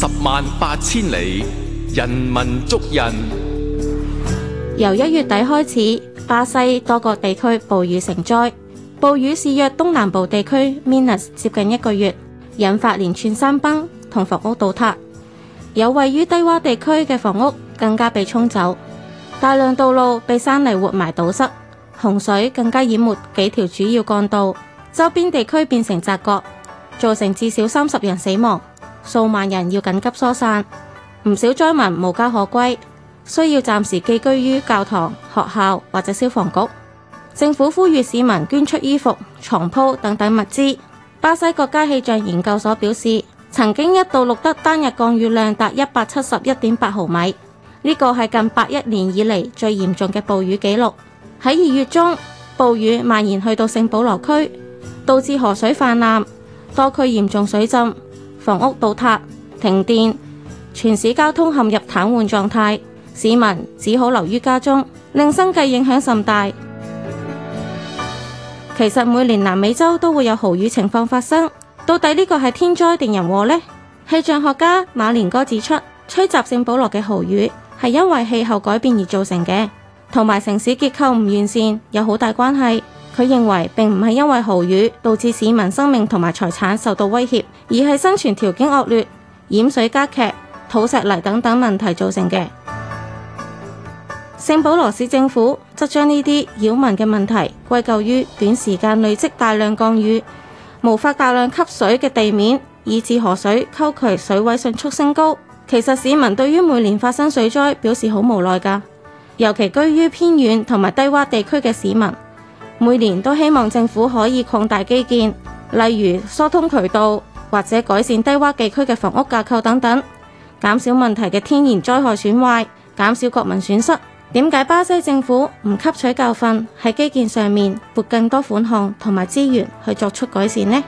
十萬八千里，人文足印。由一月底開始，巴西多個地區暴雨成災，暴雨肆虐東南部地區 Minas 接近一個月，引發連串山崩同房屋倒塌，有位於低窪地區嘅房屋更加被沖走，大量道路被山泥活埋堵塞，洪水更加淹沒幾條主要幹道，周邊地區變成澤國，造成至少三十人死亡。數萬人要緊急疏散，唔少災民無家可歸，需要暫時寄居於教堂、學校或者消防局。政府呼籲市民捐出衣服、床鋪等等物資。巴西國家氣象研究所表示，曾經一度錄得單日降雨量達一百七十一點八毫米，呢個係近八一年以嚟最嚴重嘅暴雨記錄。喺二月中，暴雨蔓延去到聖保羅區，導致河水泛濫，多區嚴重水浸。房屋倒塌、停電，全市交通陷入癱瘓狀態，市民只好留於家中，令生計影響甚大。其實每年南美洲都會有豪雨情況發生，到底呢個係天災定人禍呢？氣象學家馬連哥指出，吹襲聖保羅嘅豪雨係因為氣候改變而造成嘅，同埋城市結構唔完善，有好大關係。佢認為並唔係因為豪雨導致市民生命同埋財產受到威脅，而係生存條件惡劣、淹水加劇、土石泥等等問題造成嘅。聖保羅市政府則將呢啲擾民嘅問題歸咎於短時間累積大量降雨，無法大量吸水嘅地面，以致河水溝渠水位迅速升高。其實市民對於每年發生水災表示好無奈㗎，尤其居於偏遠同埋低洼地區嘅市民。每年都希望政府可以擴大基建，例如疏通渠道或者改善低洼地區嘅房屋架構等等，減少問題嘅天然災害損壞，減少國民損失。點解巴西政府唔吸取教訓，喺基建上面撥更多款項同埋資源去作出改善呢？